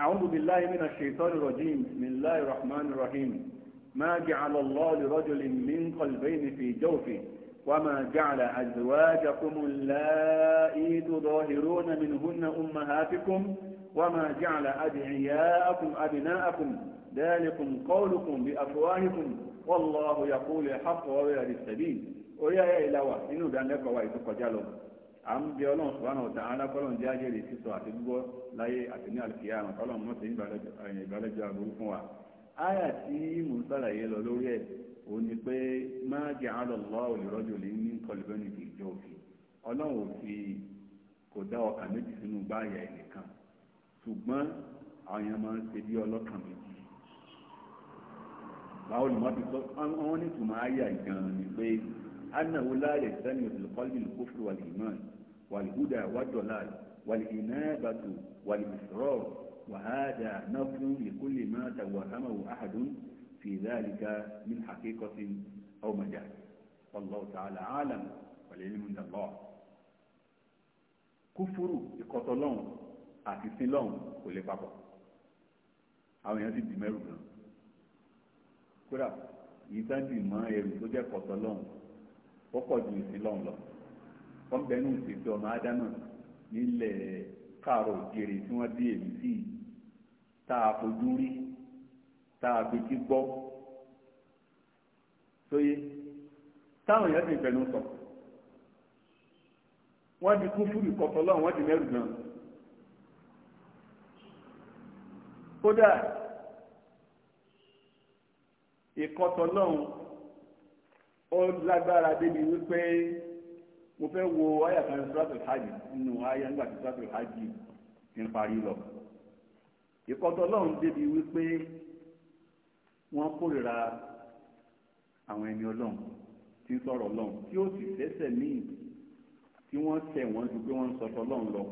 أعوذ بالله من الشيطان الرجيم بسم الله الرحمن الرحيم ما جعل الله لرجل من قلبين في جوفه وما جعل أزواجكم اللائي تظاهرون منهن أمهاتكم وما جعل أدعياءكم أبناءكم ذلكم قولكم بأفواهكم والله يقول الحق ويهدي السبيل ويا يا إلهي إنه دان لك وإذ à ń bẹ ọlọ́run subhanahu wa ta'ala kọ́lọ́n jẹ́ ajẹ́rìí sísọ àti gbígbọ́ láyé àti ní àlùkìyámà kọ́lọ́n mọ́tò ìgbàlejò àbúrú fún wa. áyà tí mò ń sàlàyé lọ lórí ẹ̀ ò ní pé má ja'ala Allahu li rajulin min qalbayni fi jawfihi ọlọ́run ò fi kò dá ọkàn méjì sínú báyà ẹnìkan ṣùgbọ́n àwọn èèyàn máa ń ṣe bí ọlọ́kàn méjì báwo ni wọ́n ti sọ أنه لا يجتمع في القلب الكفر والإيمان والهدى والضلال والإنابة والإصرار وهذا نفر لكل ما توهمه أحد في ذلك من حقيقة أو مجال والله تعالى عالم والعلم عند الله كفر ìkọtọlọ́hún àti sinlọ́hún kò lè papọ̀ àwọn èèyàn ti dì mẹ́rù gan kódà ó pọ̀ ju ìsìlọ́n lọ wọ́n bẹnu ìsèké ọmọ ádámà nílẹ̀ káàrọ̀ òjèrè tí wọ́n dé èmi sí tá a fojú rí tá a fetí gbọ́ sóyè táwọn èèyàn sì fẹnu sọ wọ́n di kú fúrì kọ̀ọ̀kan lọ́wọ́ wọ́n di mẹ́rù gan kódà ìkọ̀tọ̀ lọ́hùn ó lágbára débi wípé mo fẹ́ wo àyà kan sọ́tò hajj nínú àyà nígbà tí sọ́tò hajj ti ń parí lọ ìkọ́tọ̀ ọlọ́run débi wípé wọ́n kórìíra àwọn ẹni ọlọ́run tí ń sọ̀rọ̀ ọlọ́run tí ó sì fẹ́sẹ̀ míì tí wọ́n tẹ̀ wọ́n ju pé wọ́n ń sọ̀tọ̀ ọlọ́run lọ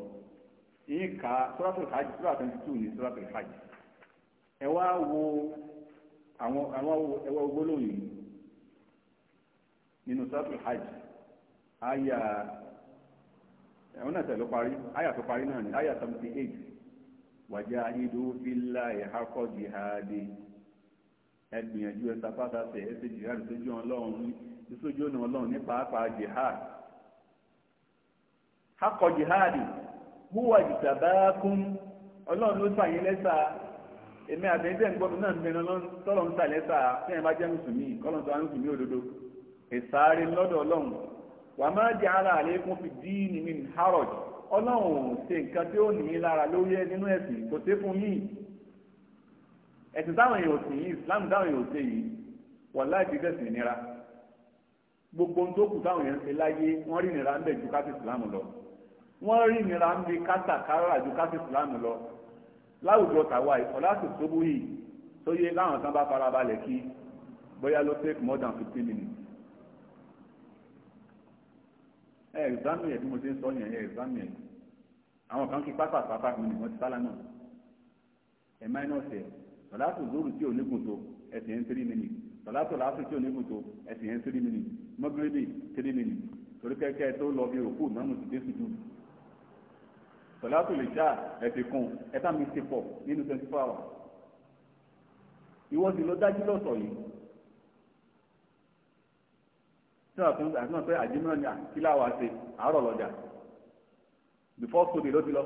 yín ka sọ́tò hajj sọ́tò twenty two ní sọ́tò hajj ẹ wá wo àwọn àwọn ẹwà ogbólóyìn yìí. nínú sátú hajj àyà ẹ̀wọ̀n náà parí tó parí náà ni wajahidu fillahi haqqa jihadi ẹ sójú ọlọ́run sójú ọ̀nà jihadi huwa jitabakum ọlọ́run ló sàyìn lẹ́sà èmi àtẹ̀yìn tẹ̀ ń gbọ́ náà ń bẹ̀rẹ̀ lọ́n tọ́lọ́ ń fẹ́ẹ̀ bá ìsáré lọ́dọ̀ ọlọ́run wà máa jẹ́ ara àlékún fi díìnì mi harrod ọlọ́run ṣe nǹkan tí ó ní í lára lórí ẹ nínú ẹ̀sìn kò sí fún yìí ẹ̀sìn táwọn èèyàn sì yìí islam táwọn èèyàn ṣe yìí wọ̀ láì fi fẹ̀sìn nira gbogbo ohun tó kù táwọn èèyàn ṣe láyé wọ́n rí nira ń bẹ̀ ju káṣí islam lọ wọ́n rí nira ń bi kátàkárà ju káṣí islam lọ láwùjọ tàwa ìfọ̀láṣì ṣubú yìí tó yé láwọn kan bá farabalẹ̀ kí bóyá ló take more than fifteen minutes ẹ ẹ̀gbámì ẹ̀ bí mo ṣe ń sọ yẹn ẹ ẹ̀gbámì ẹ̀ àwọn kan kí pápá pápá mi nìkan ti sálá náà ẹ máínọ́ọ̀sì ẹ̀ sọ̀látù zóòrù tí ò ní kùtò ẹ̀sìn ẹ̀ ń tírí mìnì sọ̀látù láàfin tí ò ní kùtò ẹ̀sìn ẹ̀ ń tírí mìnì mọ́gírẹ́bì tírí mìnì torí kẹ́kẹ́ tó lọ bí òkú mọ́mù ti dé sùdù sọ̀látù lè ṣá ẹ̀sìn kan ẹ̀ta mi ti pọ̀ nínú twenty four hours ìwọ́n sì lọ dájú lọ́sọ̀ yìí tí wọ́n tún àti náà pé àjùmọ̀ ni kílá wa ṣe àárọ̀ lọ́jà before sóbì ló ti lọ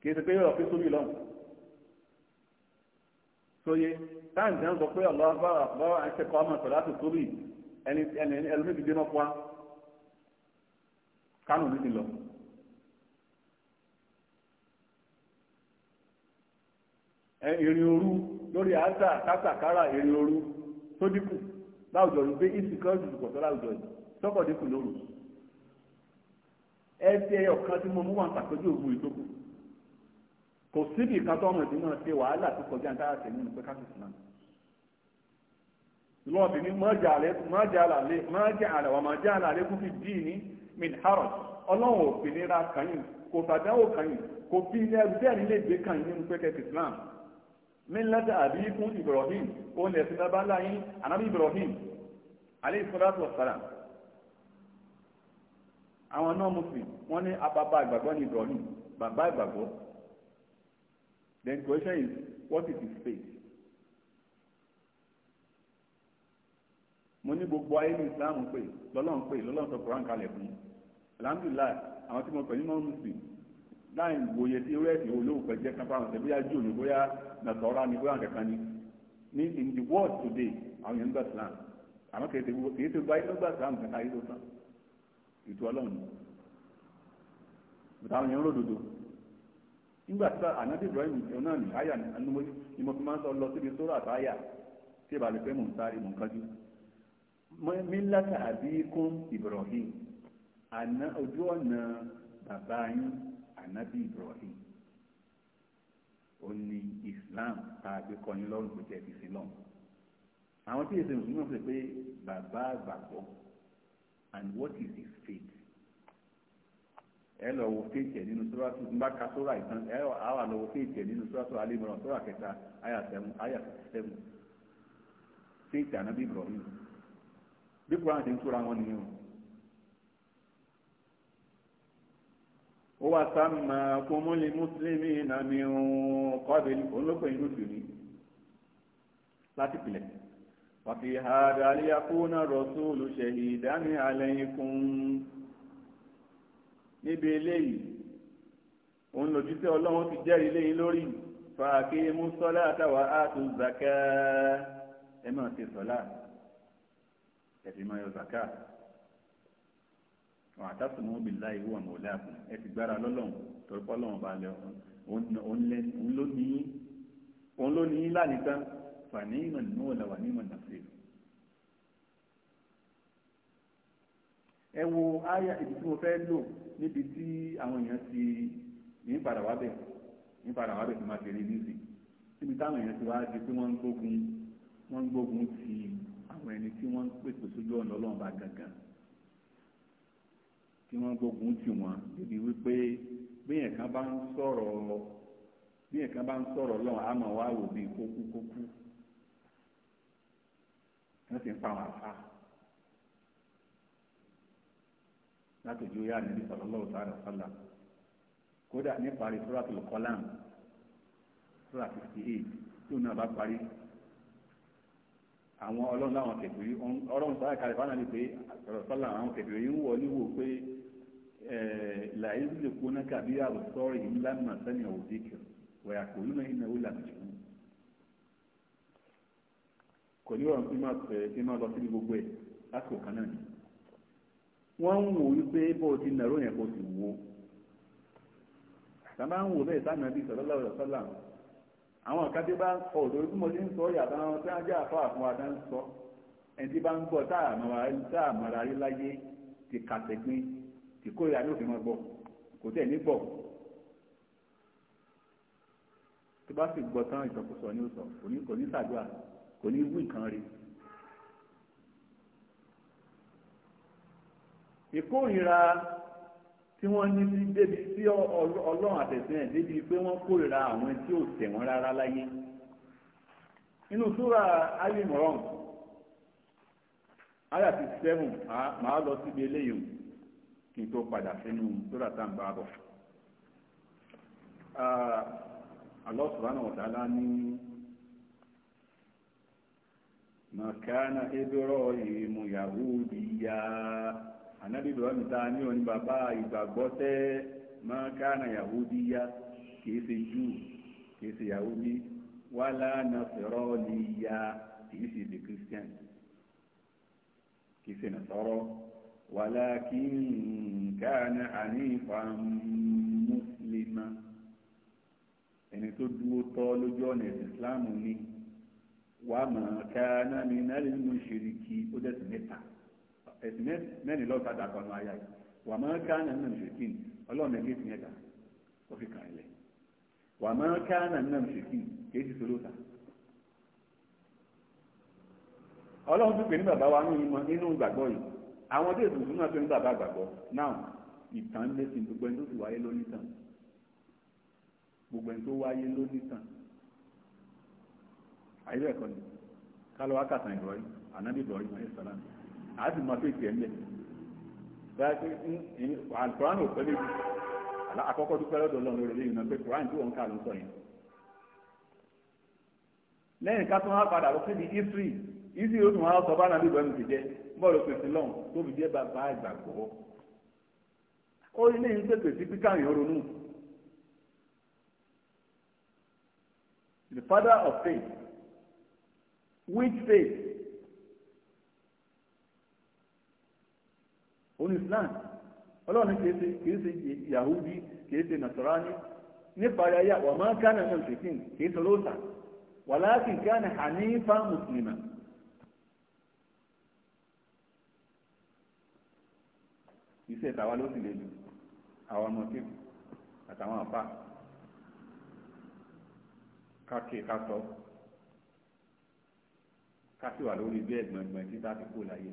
kì í ṣe pé yóò fi sóbì lọ sóye táyì tí wọ́n sọ pé ọ̀lọ́ bá bá ẹsẹ̀ kọ́ ọmọ sọ̀rọ̀ láti sóbì ẹni ẹni ẹlòmíì ti dé náà fún wa kánò ní ti lọ. ìrìn òru lórí àṣà kásàkárà ìrìn òru tó dínkù. láwùjọ yìí pé insecurity ti pọ̀tọ́ láwùjọ yìí sọ́kọ̀dé kù lóru ẹsẹ̀ ẹyọ kan tí mo mú wọn pàtẹ́jú ògùn ìdókòwò kò síbi ìka tó ọmọ ṣe wàhálà tó kọjá nínú pé káṣí sinmi lọ́ọ̀bì fi dì ní min ọlọ́run òfin nira kò kò fi ilẹ̀ bẹ́ẹ̀ nílé ìgbé nínú pé kẹ́kẹ́ mílẹ́tà àbí fún Ibrahim ó lẹ̀ sí bàbá láyín anábì Ibrahim alayhi salatu wassalam àwọn náà muslim wọ́n ní apapa ìgbàgbọ́ ní Ibrahim bàbá ìgbàgbọ́ then question is what is his faith mo ní gbogbo ayé ní Islam pé lọ́lọ́run pé lọ́lọ́run sọ Quran kalẹ̀ fún alhamdulilayi àwọn tí mo pè ní mọ́ muslim láì bụ sí irú ẹ̀sìn wo pẹ̀jẹ́ kan fáwọn ọ̀sẹ̀ bóyá jù ní bóyá nàtọ́ra ni bóyá kankan ni ní in the world today àwọn yẹn ń gbà Islam àmọ́ kìí kìí gba ìlú gbà Islam kankan ayé ọlọ́run àwọn yẹn ń ròdòdò nígbà tí ànábì Ibrahim náà ní àyà ni mo fi máa ń sọ lọ síbi sórà àtàyà tí mò ń Ibrahim ojú ọ̀nà bàbá yín anabi ibrahim ó islam tá a gbé kọ́ yín lọ́rùn pé tẹ́ fi sin lọ́run àwọn tí èsì mùsùlùmí náà sọ pé bàbá àgbàgbọ́ and what is his faith ẹ lọ wo faith ẹ nínú sọ́ràtù ń bá ka sọ́rà ìtàn ẹ àwà lọ wo faith ẹ nínú sọ́ràtù alẹ́mọ̀ràn sọ́rà kẹta àyà sẹ́mu faith anabi ibrahim bí kúrò àwọn ń túra wọn nìyẹn o. wà sàmà kòmólì mùsùlùmí nàmì kọ́bìlì olókùn ìlú tùní láti pilẹ̀ wàfi hàdà àlìyàkúnà rọ̀súlù ṣẹ̀yì ìdáni àlẹ́yìnkún níbi eléyìí òun lòdì sí ọlọ́run ti jẹ́rìí lẹ́yìn lórí fàákì mùsọ́lá àtàwà àtún zaka ẹ máa ti sọ́lá ẹ sì máa yọ zaka wọn àtàkùnmọ́ billahi huwa mawlaakum ẹ ti gbára lọ́lọ́run torí pọ́ lọ́wọ́n bá lẹ òun ló ní í lánìí tán fa ni'man nula wa ni'man nasir. ẹ wo àyà ibi tí mo fẹ́ lò níbi tí àwọn èèyàn ti ní padà wá bẹ̀ ní padà wá bẹ̀ tó máa fi rí níìsì táwọn èèyàn ti wá di pé wọ́n ń gbógun wọ́n ń gbógun ti àwọn ẹni tí wọ́n ń pèsè sójú ọ̀nà ọlọ́run bá gangan. tí wọ́n gbógun tì wọ́n débi wípé bíyẹn kan bá ń sọ̀rọ̀ lọ a bá wá wò bíi kókúkókú wọ́n sì ń pa àwọn àfa láti ju yá níbi sallallahu kódà ní parí tí òun náà bá àwọn ọlọ́run láwọn kẹfìrí ọlọ́run sáré kalẹ̀ fún ànábì pé sọ̀rọ̀ sọ́là àwọn kẹfìrí ń wọ níwò pé làyézú lè kó náà kàbí àbùsọ́rì ńlá mà sẹ́ni òdì kẹ ma kò lónà iná ó lọ sí gbogbo ẹ̀ náà ni. wọ́n ń wò wípé bó o ti nàró yẹn kó o àwọn nǹkan tí bá ń kọ òdòdó tí mo ti ń sọ yàtọ̀ àwọn tí wọ́n jẹ́ àfáà fún wa dáń sọ ẹni tí bá ń gbọ́ táàmọ̀ra rí láyé ti kàtẹ́gbín ti kórìíra ní òfin mọ́ gbọ́ kò tẹ̀ ní gbọ́ tó bá sì gbọ́ tán ìsọkúsọ ní òsọ kò ní kò ní ṣàdúrà kò ní wí nǹkan rí. ìkórìíra tí wọ́n ní sí débi sí ọlọ́run àtẹ̀sìn ẹ̀ débi pé wọ́n kórìíra àwọn tí ò tẹ̀ wọ́n rárá láyé nínú súra alimọ̀rán aya ti sẹ́wọ̀n màá lọ síbi eléyìí kí n tó padà sínú súra tá n bá bọ̀ Allah subhanahu wa ta'ala ní. ما كان إبراهيم يهوديا ànábì ibrahim ta ní òní bàbá ìgbàgbọ́ tẹ́ máa kánà yahudi yá kìí ṣe jù kìí ṣe yahudi wàlá nàṣẹrọ ni yá kìí ṣe ṣe christian kìí ṣe nàṣọrọ wàlá kìí kánà hanifan mùsùlùmá ẹni tó dúró tọ́ lójú ọ̀nà ìsìlámù ni wàá máa kánà min al-mushriki ó dẹ̀ sí mẹ́ta. ẹ̀sìn mẹ́rin lọ́ọ̀kadà kanu ayá wà máa kánà náà ṣèkín ọlọ́run ẹgbẹ́ ti yẹn ó fi kàn ilẹ̀ wà máa kánà náà ṣèkín kìí ti ọlọ́run pè ní bàbá wa nínú gbàgbọ́ yìí àwọn tó ètùtù náà tó ní bàbá gbàgbọ́ náà ìtàn ń lẹ́sìn gbogbo ẹni tó wáyé tàn gbogbo ẹni tó wáyé tàn ẹ̀kọ́ ni kálọ̀ wákàtà sọ́lá a sì mọ pé tiẹ̀ ń bẹ̀. báyà pé alukoran ò pẹ́ méjì àkọ́kọ́ dúpẹ́ lọ́dọ̀ ọlọ́run lórí lẹ́yìn náà pé koran tí wọ́n ń kà ló ń sọ yẹn. lẹ́yìn ká tún wá padà lọ síbi isri isri ó tún wá sọ bá nàbí ìbọn ti jẹ bọ́ọ̀lù pèsè lọ́hùn tó fi jẹ́ bàbá ìgbàgbọ́. ó ní lẹ́yìn pèsè sí píkàrin ronú. the father of faith which faith islam ọlọ́run kìí ṣe kìí ṣe yahudi kìí ṣe nasarani nípa ayáyá wà máa kánà náà fìfín kìí ṣe lóòótá wà láti kánà hanifa muslima. iṣẹ́ tàwa ló sì lè lù àwọn ọmọ kéwù àtàwọn àpá káké kátọ kásìwà lórí bí ẹ̀gbọ̀n ẹ̀gbọ̀n títà ti kó láyé.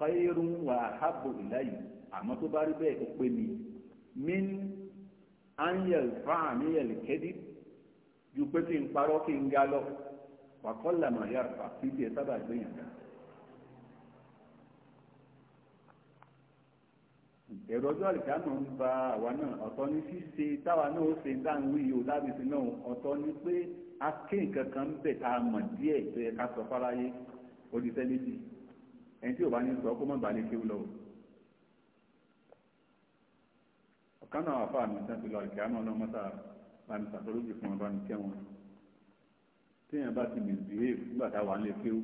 khairun wa habbu ilayi àmọ́ tó bá rí bẹ́ẹ̀ ó pé mi min anyel fáàmìyẹl kẹ́dí ju pé kí n parọ́ kí n ga lọ wàkọ́lá màá yára fà kí tiẹ̀ sábà gbẹ̀yìn kan. ẹ̀rọ ọjọ́ àlìkámọ̀ ń ba àwa náà ọ̀tọ̀ ní ṣíṣe táwa náà ó ṣe ń wí yìí ó lábìsí náà ọ̀tọ̀ ní pé akéǹkankan ń bẹ̀ tá mọ̀ díẹ̀ tó yẹ ká sọ fáráyé ó sẹ́ méjì ẹni tí ò bá ní sọ kó mọ̀ balẹ̀ kí ó lọ. ọ̀kan náà àfa àmì ìtàn ti lọ àlùkè àmọ́ ọlọ́mọ tá a ní sàtọ́lójì fún ọba ní kẹwọn téèyàn bá ti misbehave nígbà táwa ń lè kí ó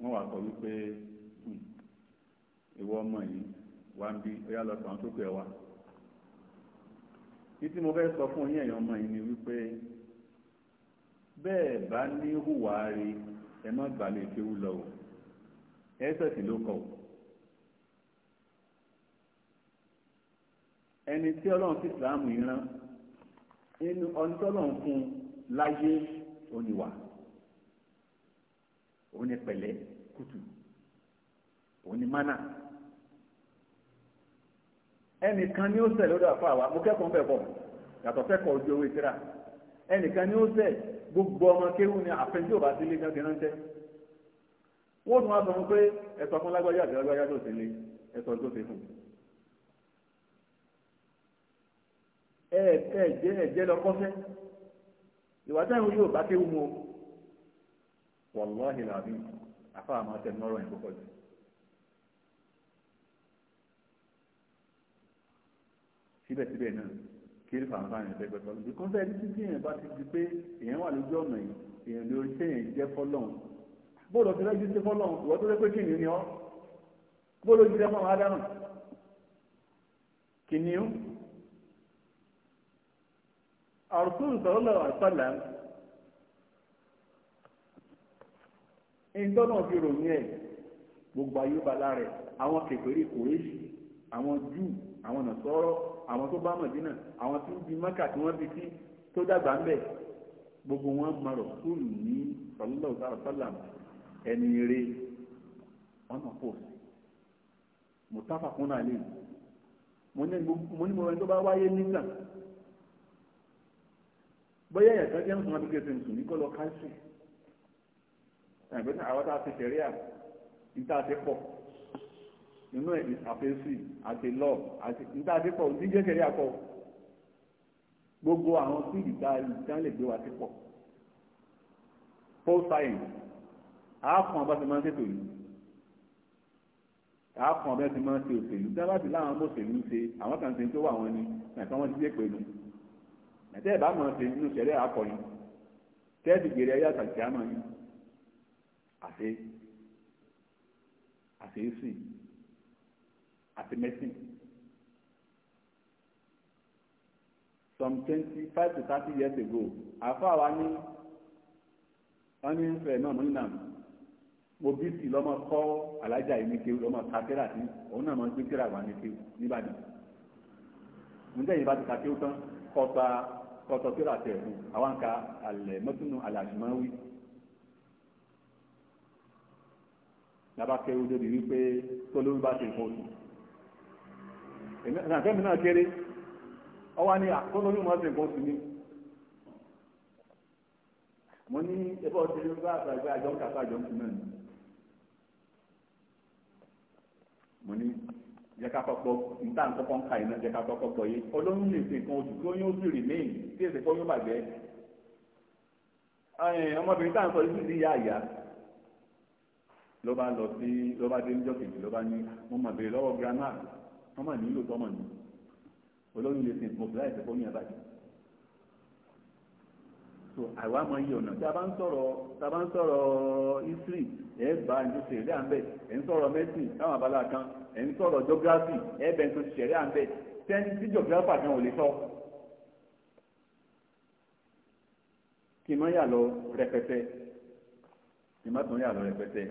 wọ́n wà sọ wípé hmm, ìwọ ọmọ yìí wà ń bí ó yá lọ sàn tó pè wá títí mo fẹ́ sọ fún yín ẹ̀yàn ọmọ yìí ni wípé bẹ́ẹ̀ bá ní hùwà ẹ má gbà kéwú lọ ẹsẹ̀sì ló kọ̀ ẹni tí ọlọ́run sí ìsìláàmù yìí rán inú ọdún tọ́lọ́run fún un láyé oníwà òní pẹ̀lẹ́ kùtù òní mánà ẹnìkan ni ó sẹ̀ lọ́dọ̀ àfa àwa mo kẹ́kọ̀ọ́ bẹ̀ bọ̀ yàtọ̀ fẹ́kọ̀ọ́ ojú owó ìtura ẹnìkan ni ó sẹ̀ gbogbo ọmọ kéwù ni àfẹnjú sílé gángan náà ń tẹ́ wọ́n tún wá sọ fún pé ẹ̀sọ́ fún lágbájá àti lágbájá tó sì lé ẹ̀sọ́ tó sì fún un. ẹ̀ẹ̀kẹ́ ẹ̀jẹ́ ẹ̀jẹ́ lọ kọ́fẹ́ ìwà táwọn yóò bá kéwù mu wàlláhi làbí àfa àmọ́ tẹ̀ nọ́rọ̀ yẹn púpọ̀ jù. síbẹ̀síbẹ̀ náà kiri fanfan yẹn fẹ́ẹ́ gbẹ́sọ̀ lójú kọ́fẹ́ ẹni títí yẹn bá ti di pé èèyàn wà lójú ọ̀nà yìí èèyàn lórí téèyàn jẹ́ fọ́lọ́hún bóòlù ti rẹ́jú sí fọ́lọ́ ìwọ́n tó rẹ́ pé kìnìún ni ọ́ bóòlù ti rẹ́ mọ́ àwọn adáhùn kìnìún àrùtún sọ̀rọ̀lọ̀ àtọ́là ìtọ́nà fi ròyìn ẹ̀ gbogbo ayé bala rẹ̀ àwọn kèfèrí kòrèṣì àwọn jù àwọn nàṣọ́rọ́ àwọn tó bá mọ̀dínà àwọn tí ń bi mọ́kà tí wọ́n fi sí tó dàgbà ń bẹ̀ gbogbo wọn mọ̀rọ̀ sóòlù ní sọ̀rọ̀lọ̀ àtọ́là ẹni eré ọ̀nà pọ̀ mùtáfà kúnnà lè mo ní mo rẹ tó bá wáyé nígbà bóyá ẹ̀yà kan jẹ́ ń sùn àbí kẹsẹ̀ ń sùn ní kọ́lọ́ káṣí ẹ̀gbẹ́ àwọn tá a ti tẹ̀rí à níta ti pọ̀ nínú ẹ̀ àfẹ́sì àti lọ àti níta ti pọ̀ níjẹ́ kẹ̀rí àpọ̀ gbogbo àwọn fíìlì tá a lè gbé wa ti pọ̀ post science àáfọ̀n bá ti máa ń ṣètò yìí àáfọ̀n bá ti máa ń ṣe òṣèlú dábàá sí láwọn mọ̀ṣèlú ṣe àwọn kan ṣe tó wà wọn ni nàìjíríà wọn ti dé pẹ̀lú nàìjíríà bá máa ṣe inú ṣẹlẹ̀ àkọyìn tẹ́ẹ̀sì gbèrè ayé àtàkì àmọ́ yìí àṣe àṣe sìn àti mẹ́sìn some twenty five to thirty years ago àfáà wa ní ọ́nìfẹ̀ẹ́ náà mọ́nìlànà mo bí sí lọ́mọ kọ́ alájà yìí ní kéwù lọ́mọ kátẹ́rà tí òun náà máa ń gbé tẹ́rà wà ní kéwù níbàdàn ń tẹ̀yìn bá ti ka kéwù tán kọ́ta kọ́tọ tẹ́rà tẹ̀ fún àwọn ka alẹ́ mọ́túnú alàjùmọ́wí lába kéwù débi wípé tólórí bá ti fọ́ oṣù nàfẹ́mi náà kéré ọwọ́ ni tólórí mọ́ ti fọ́ oṣù ni mo ní ẹgbẹ́ ọtí ló bá àgbàgbà àjọ ń kàtà àjọ ń kú náà ni. mo ní jẹ́ ká kọ́kọ́ níta kọ́kọ́ ń ka iná jẹ́ ká kọ́kọ́ gbọ́ yé ọlọ́run lè fi nǹkan oṣù tó yóò sì rì míì tí èsì fọ́ yóò bàjẹ́ ọmọbìnrin tá à ń sọ yìí sí ìyá ìyá ló bá lọ sí ló bá dé níjọ́ kejì ló bá ní mo mà bèrè lọ́wọ́ gírámà wọ́n mà nílò tọ́mọ̀ ni ọlọ́run lè fi nǹkan oṣù láì fọ́ yóò bàjẹ́ so àwa mọ iye ọ̀nà tí a bá ń sọ̀rọ̀ tí a bá ń sọ̀rọ̀ history ẹ̀ bá ẹ̀ ń sọ̀rọ̀ mẹ́sìn táwọn abala kan ẹ̀ ń sọ̀rọ̀ geography ẹ̀ẹ́bẹ̀ tó ṣẹ̀rí à ń bẹ̀ tẹ́ni tí geographer kan ò lè sọ. kì í má yà lọ rẹpẹtẹ kì í má tún yà lọ rẹpẹtẹ.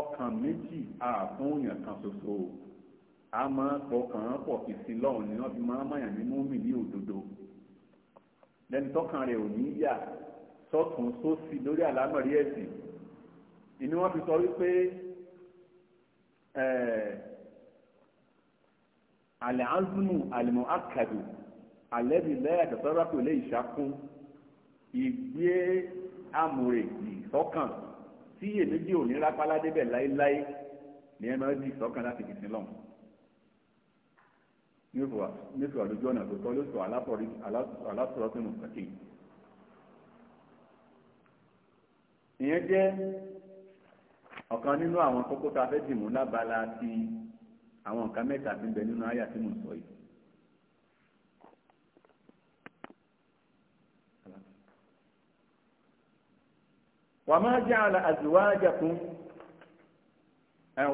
ọkàn méjì àfúnyàn kan ṣoṣo a máa ń pọkàn án pọ̀ kì í sí lọ́hùn ni wọ́n fi máa ń mọ̀yàn ní múmi ní òdodo lẹ́ni tọ́kàn rẹ̀ ò ní yà sọ́tún sósì lórí àlámọ̀rí ẹ̀sìn ìní wọ́n fi sọ wípé àlẹ́ azunu àlẹ́mọ̀ akadu àlẹ́bí lẹ́yà tẹ̀sọ́rọ́ pé lè ṣàkún ìgbé amòrèjì sọ́kàn tí èméjì ò ní rápálá débẹ̀ láéláé ní ẹ máa di sọ́kàn láti fi sin lọ́hùn nífọ̀ọ́ lójú ọ̀nà tó tọ́ ló sọ alásọ̀rọ̀ tó nù kàkéyìí. ìyẹn jẹ́ ọ̀kan nínú àwọn kókó tá a fẹ́ dìmú lábala ti àwọn nǹkan mẹ́ta tí ń bẹ nínú àyà tí mò ń sọ yìí. wàmá jàlá àzùwájàkùn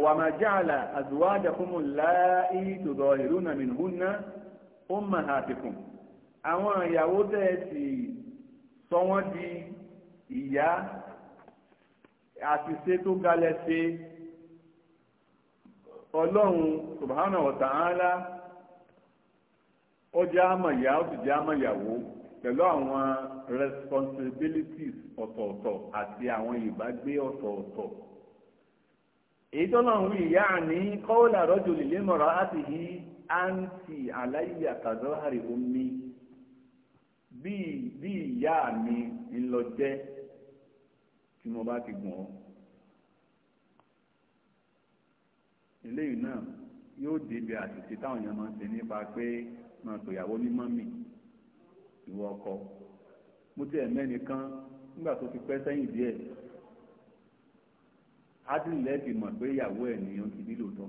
wàmá jàlá àzùwájàkùn láì tòdọ̀ ìrúnà mìíràn ó mà á ti àwọn ìyàwó tẹ̀ sí sọ wọ́n di ìyá àṣìṣe tó galẹ̀ ṣe ọlọ́run subhana wa ta'ala ó jẹ́ àmọ̀yá ó sì jẹ́ àmọ̀yàwó pẹ̀lú àwọn responsibilities ọ̀tọ̀ọ̀tọ̀ àti àwọn ìbágbé ọ̀tọ̀ọ̀tọ̀ èyí tó náà ń wí ìyá àní kọ́ọ̀lá rọ́jò lè mọ̀ra láti yí àǹtì aláyé àkàzọ́ omi bí ìyá mi ńlọ jẹ́ tí mo bá ti gùn ọ́ eléyìí náà yóò débi àṣìṣe táwọn èèyàn máa ń ṣe nípa pé máa pè ìyàwó ní mọ́mì ìwọ ọkọ mo ti ẹ̀mẹ́ nìkan nígbà tó ti pẹ́ sẹ́yìn díẹ̀ adìlẹ̀ ti mọ̀ pé ìyàwó ẹ̀ ni ó ti bí lóòótọ́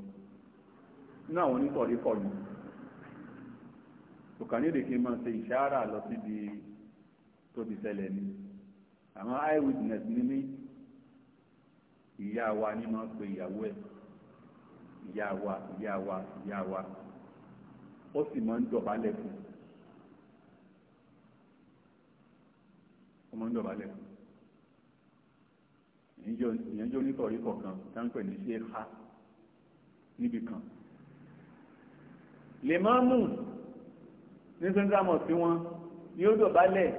nínú àwọn onítọ̀rí kọ̀ ni kò kàn ní èdè kí n máa ṣe ìṣáárà lọ síbi tó ti ṣẹlẹ̀ ni àwọn eyewitness ni mí ìyá wa ni máa ń pe ìyàwó ẹ̀ ìyá wa ìyá wa ìyá wa ó sì máa ń dọ̀bálẹ̀ fún ó máa ń dọ̀bálẹ̀ fún ìyẹn jẹ́ onítọ̀rí kọ̀ọ̀kan táǹpẹ̀ ní ṣe ha níbi kan lè máa mú ní sẹ́ńtàmọ̀ sí wọn ni ó dọ̀bálẹ̀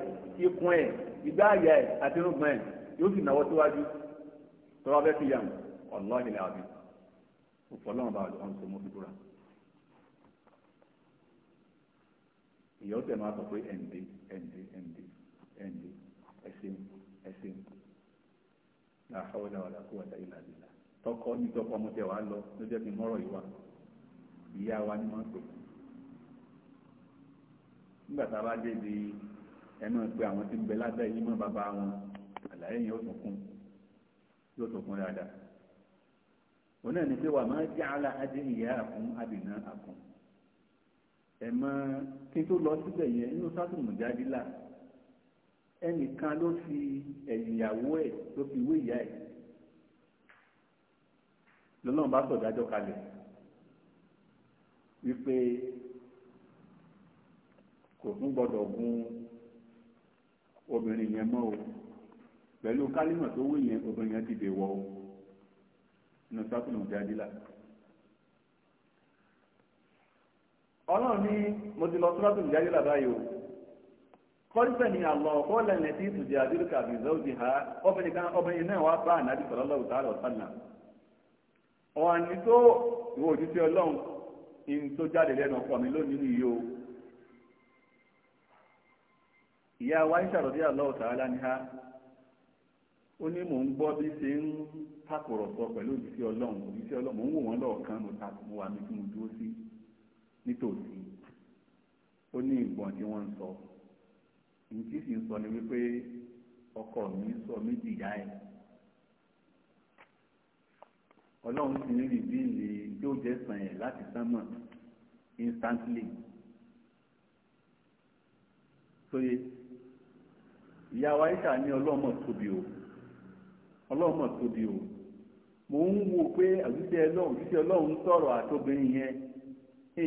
ikùn ẹ̀ ìgbà àyà ẹ̀ àti irúgbìn ẹ̀ yóò sì náwó síwájú tọ́wọ́ bẹ́ẹ̀ fi yà mọ́ ọ̀lọ́ ìlẹ̀ àbí òfòlọ́wọ́n bá ọ̀n tó mú fìdúrà. ìyàwó tẹ̀ máa sọ pé ẹ̀ǹdé ẹ̀ǹdé ẹ̀ǹdé ẹ̀ǹdé ẹ̀sìn ẹ̀sìn náà àwọn ìlànà àkó àtà ìlà àbílà tọkọ ní tọkọ ọmọ tẹ wàá lọ ló jẹ́ kí n mọ́rọ̀ yìí ìyá wa ni wọ́n pè nígbà tá a bá dé bíi ẹ máa pe àwọn tí ń bẹ lábẹ́ yìí mọ́ bàbá wọn àlàyé yẹn ó tún kún yóò tún kún dáadáa òun náà ni pé wà máa jẹ́ àlà adé ìyá àkún àbìnà àkún ẹ mọ kí n tó lọ síbẹ̀ yẹn inú sátùmù jáde-là ẹnìkan ló fi ẹ̀yìn ìyàwó ẹ̀ ló fi wé ìyá ẹ̀ lọ́nà bá sọ̀dájọ́ kalẹ̀ wípé kò tún gbọdọ̀ gun obìnrin yẹn mọ o pẹ̀lú kálímọ̀ tó wé yẹn obìnrin yẹn ti dè wọ́ o nínú sátúnù jadila. ọlọ́run ní mo ti lọ sátúnù jadila báyìí o kọ́lífẹ̀ ni àlọ́ kọ́lẹ̀ ní ti ìtùjẹ́ àdúrà bìzọ́ òjì ha obìnrin kan obìnrin náà wá bá ànábì sallallahu ta'ala wa sallam ọ̀hún tó ìwọ òjútì ọlọ́run tó jáde lẹ́nu ọkọ mi lónìí nìyí o ìyá wa ń ṣàròdí Allahu Ta'ala anha ó ní mò ń gbọ́ bí ṣe ń takùrọ̀sọ pẹ̀lú òjíṣẹ́ ọlọ́run òjíṣẹ́ ọlọ́run mò ń wò wọ́n mo ta mo wà mí kí mo dúró sí nítòsí ó ní ìgbọ̀n tí wọ́n ń sọ sì ń sọ ni wípé ọkọ mi sọ mí dìyà ẹ̀ ọlọ́run sì ń jẹ́ sàn ẹ̀ láti sánmọ̀ instantly ìyá wa ní ọlọ́mọ tóbi o ọlọ́mọ tóbi o mò ń wo pé àwùjọ ẹlọ́run àwùjọ ọlọ́run sọ̀rọ̀ àtobìnrin yẹn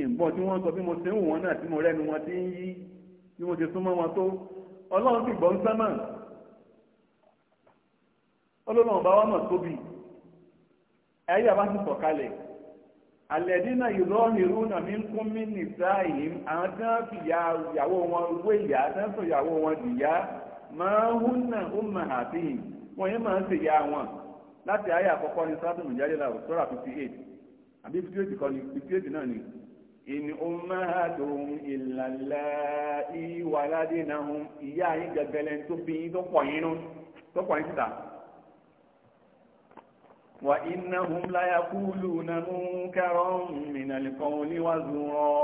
ìbọn tí wọ́n sọ bí mo ṣe ń náà tí mo rẹ́nu wọn ti ń bí mo ṣe súnmọ́ wọn tó ọlọ́run sì gbọ́ sámà ọlọ́run ọba wa tóbi àbá kalẹ̀ náà wọ́n tí máa hún náà ó mà á sí yìí wọ́n yẹn máa ń ṣèyá wọn láti ayé àkọ́kọ́ ní sátọ̀ nìjáde la sọ́ra fifty eight àbí fifty eight kan ní fifty eight náà ni. ìní ummahatuhum ìlàlá ìwàládé náà hun ìyá yín gẹ́gẹ́lẹ́ tó fi yín tó pọ̀ yín nú tó pọ̀ yín síta. wà innahum la yaquluna munkaran minal qawli wa zura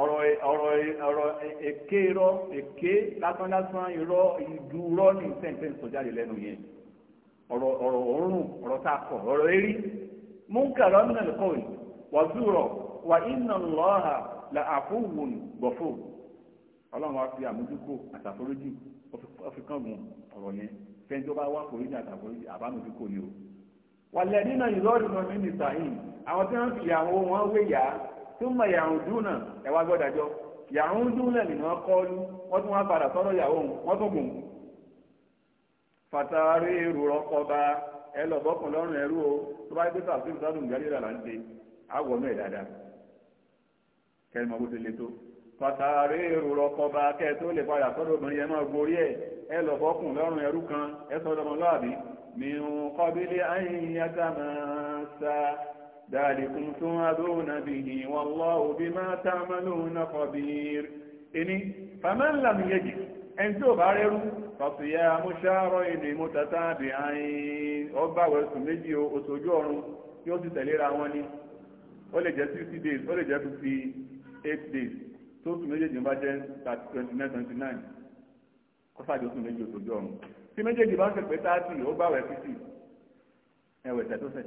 ọ̀rọ̀ ọ̀rọ̀ ọ̀rọ̀ èké irọ́ èké lásán lásán irọ́ ìdú irọ́ ní sẹ́ńtẹ́ sọ jáde lẹ́nu yẹn ọ̀rọ̀ ọ̀rọ̀ òórùn ọ̀rọ̀ tá a kọ̀ ọ̀rọ̀ erí múnkàrọ̀ nínú ẹ̀kọ́ yìí wà zúrọ̀ wà iná lọ́ha là àfúwùn gbọ̀fọ̀ ọlọ́run wa fi àmójúkò àtàforíjì ọ̀fikàngùn ọ̀rọ̀ yẹn fẹ́ńtì ó bá wá foríjì àtàforíjì àbámójúkò ni o wà lẹ́ni náà ìlọ́ọ̀rì mọ́ mínísà àwọn tí wọ́n fi àwọn wọn wéyà tún mọ yàrúndún náà ẹ wá gbọ́dọ̀ jọ kọ́lu wọ́n tún wá padà sọ́dọ̀ yàwó wọn tún gùn. o tó bá gbé sàfihàn sádùn gàdí rà náà dáadáa bó ti tó kọba kẹ tó lè padà sọ́dọ̀ obìnrin yẹn máa gborí ẹ ẹ lọ lọ́rùn ẹrú kan ẹ ذلكم توعدون به والله بما تعملون خبير إني فمن لم يجد ẹnjọ́ bá rẹ́rú fàtúyà amúṣàárọ̀ ìlú ìmútàtà àbí àyìn ọba wẹ̀sùn méjì oṣoojú ọrùn tí ó ti tẹ̀léra wọn ni ó lè jẹ́ sixty days ó lè jẹ́ fifty eight days tó oṣù méjèèjì bá jẹ́ twenty méjì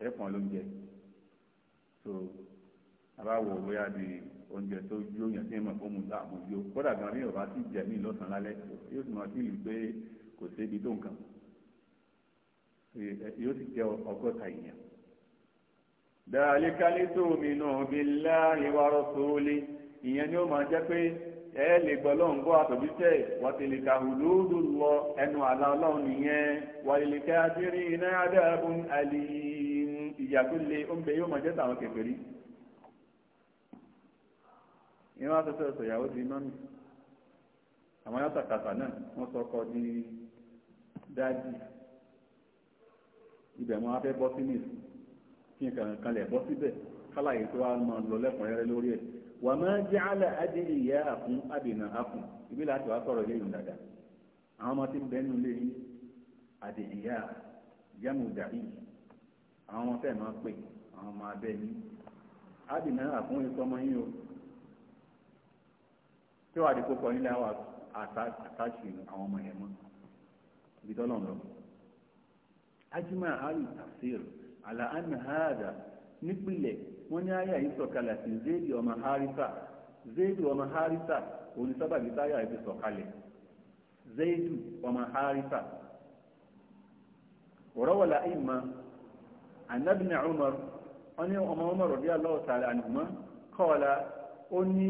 ẹ fún ọ lóúnjẹ so àbá wò bóyá di oúnjẹ tó jó yẹn tí ń mọ̀ fún mu tá àmú yó kódà gan bí yorùbá sì jẹ mí lọ́sàn-án lálẹ́ yóò sì máa fíìlì pé kò sébi tó nǹkan yóò sì jẹ ọgọ́ta èèyàn. dàlíkálí tó mi nù bí láàrin wa rọ́sọ̀ọ́lé ìyẹn ni ó máa jẹ́ pé ẹ lè gbọ́ lọ́hùn gbọ́ àtòbíṣẹ́ wàtìlíkà hùdúdú lọ ẹnu àlá ọlọ́run nìyẹn wàlìlíkà adírí náà dáàbùn àlìyé ìyà tó le ó ń bẹ yóò mọ̀ jẹ́ tàwọn kèfèrí ìran afẹ́fẹ́ ọ̀sọ̀ ìyàwó di iná nù àwọn yàtàkàtà náà wọ́n sọ ọkọ di dáàdì ibẹ̀ wọn afẹ́ bọ́ sí nìsí kí nǹkan kan lẹ̀ bọ́ síbẹ̀ kálàyé tó wá máa lọ lẹ́kùnrẹ́rẹ́ lórí ẹ̀ wà máa jẹ́ àlẹ́ adìyẹ ìyá àkún àbìnà àkùn ibi láti wá sọ̀rọ̀ ilé ìrùn àwọn ọmọ tí ń bẹ́ẹ̀ lé yìí ìyá yàmù dàrí yìí àwọn ọmọ tẹ̀ máa pè àwọn ọmọ abẹ́ yín á dì náírà yín o tí wàá di kókó yín lẹ́wọ̀ àtàṣì àwọn ọmọ yẹn mọ́ ibi tọ́lọ̀ lọ. ajima ali tafsir ala anna nípìnlẹ̀ wọ́n ní àyà yìí sọ̀kalẹ̀ sí zéèdì ọmọ harisa zéèdì ọmọ harisa onísábàbí táyà ibi zéèdì anabi a umar onye ní ọmọ umar rọ̀bí aláwọ̀ tààrà ànìmọ́ kọ́ọ̀lá ó ní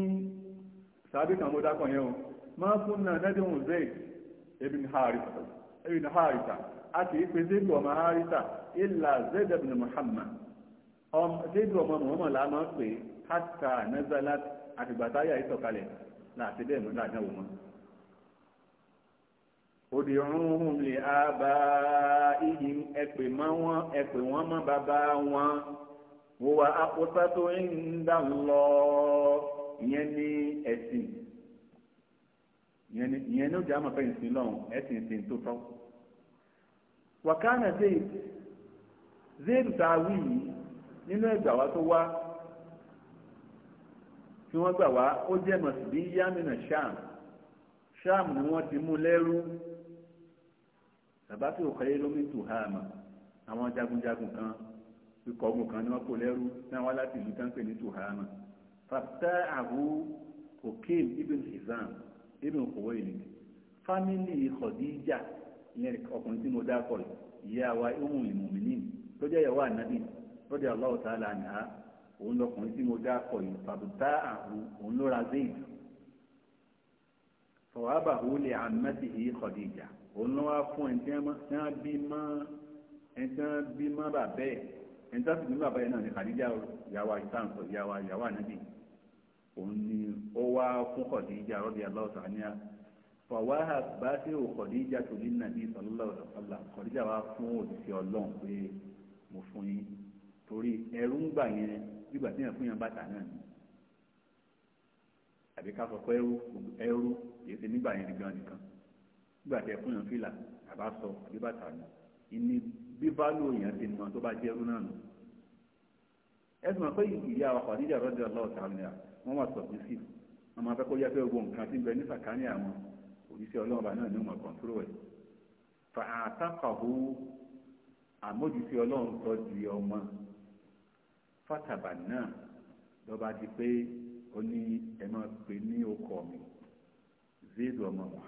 sàábì kan mọ́dá kan yẹn o máa fún náà ibn harita a kì í pe zayd ọmọ harita illa zayd na muhammad zayd ọmọ muhammad la máa pè hata nazalat àtìgbàtáyà ìsọ̀kalẹ̀ láti ya mọ́ láàdánwò wọn òdìrúnhùn lè àbá iyì ẹ̀pẹ̀ mọ́ wọn ẹ̀pẹ̀ wọn mọ́ bàbá wọn wò wá àpótá tó ń dà ń lọ ìyẹn ní ẹ̀sìn ìyẹn ní ó jẹ́ àmọ̀ fẹ́ ìsìn lọ́hùn ẹ̀sìn ìsìn tó tọ́. wàkánà zayd zayd tààwí nínú ẹgbà wa tó wá tí wọ́n gbà wá ó jẹ́ mọ̀síbí yámínà sham sham ni wọ́n ti mú lẹ́rú bàbá tí òkè yé lómi tù ha àmà àwọn jagunjagun kan ikọ̀ ogun kan ni wọ́n kó lẹ́rú náà wá láti ìlú tán pè ní tù ha àmà fàtà àhú òkèm ibn hizam ibn kòwéèlì fámìlì Khadija ìyẹn ọkùnrin tí mo dákọ̀ ìyá wa Ummul tó jẹ́ ìyàwó ànábì lọ́dẹ̀ Allahu ta'ala anha òun lọkùnrin tí mo dákọ̀ yìí fàtà àhú òun ló ra fọwọ́ àbàhù lè àmẹ́sì yìí òun náà wá fún ẹni tí wọ́n bí mọ́ ẹni tí wọ́n bí mọ́ bàbá ẹ̀ ẹni tí wọ́n sì bí bàbá ẹ̀ náà ní Khadija yàwá ìtàǹsọ̀ yàwá yàwá nàbì òun ni ó wá fún Khadija radiyallahu anha fọwáhà bá sí òkòdíjà tó ní nàbí sallallahu alaihi wasallam kòdíjà wa fún òṣìṣẹ́ ọlọ́run pé mo fún yín torí ẹrú ń gbà yẹn nígbà tí yẹn fún yẹn bàtà náà ni àbí sọ pé ẹrú ẹrú èyí ti nígbà yẹn nìkan nìkan gbà tẹ fún yàn fìlà àbá sọ àbí bàtà nù ìní bíbálò èèyàn ti mọ tó bá jẹ irú náà nù. ẹ sì mọ̀ pé ìyá wa Khadija radiyallahu ta'ala wọ́n wà submissive wọ́n máa fẹ́ kó yẹ pé gbogbo nǹkan ti bẹ ní sàkání àwọn òjíṣẹ́ ọlọ́run bá náà ní wọn kọ̀ǹtúrò ẹ̀. fa àtàkàwò àmójútì ọlọ́run sọ di ọmọ fàtàbà náà lọ́ba di pé ó ní ẹ máa pè ní okọ̀ mi zéèdù ọmọ mọ̀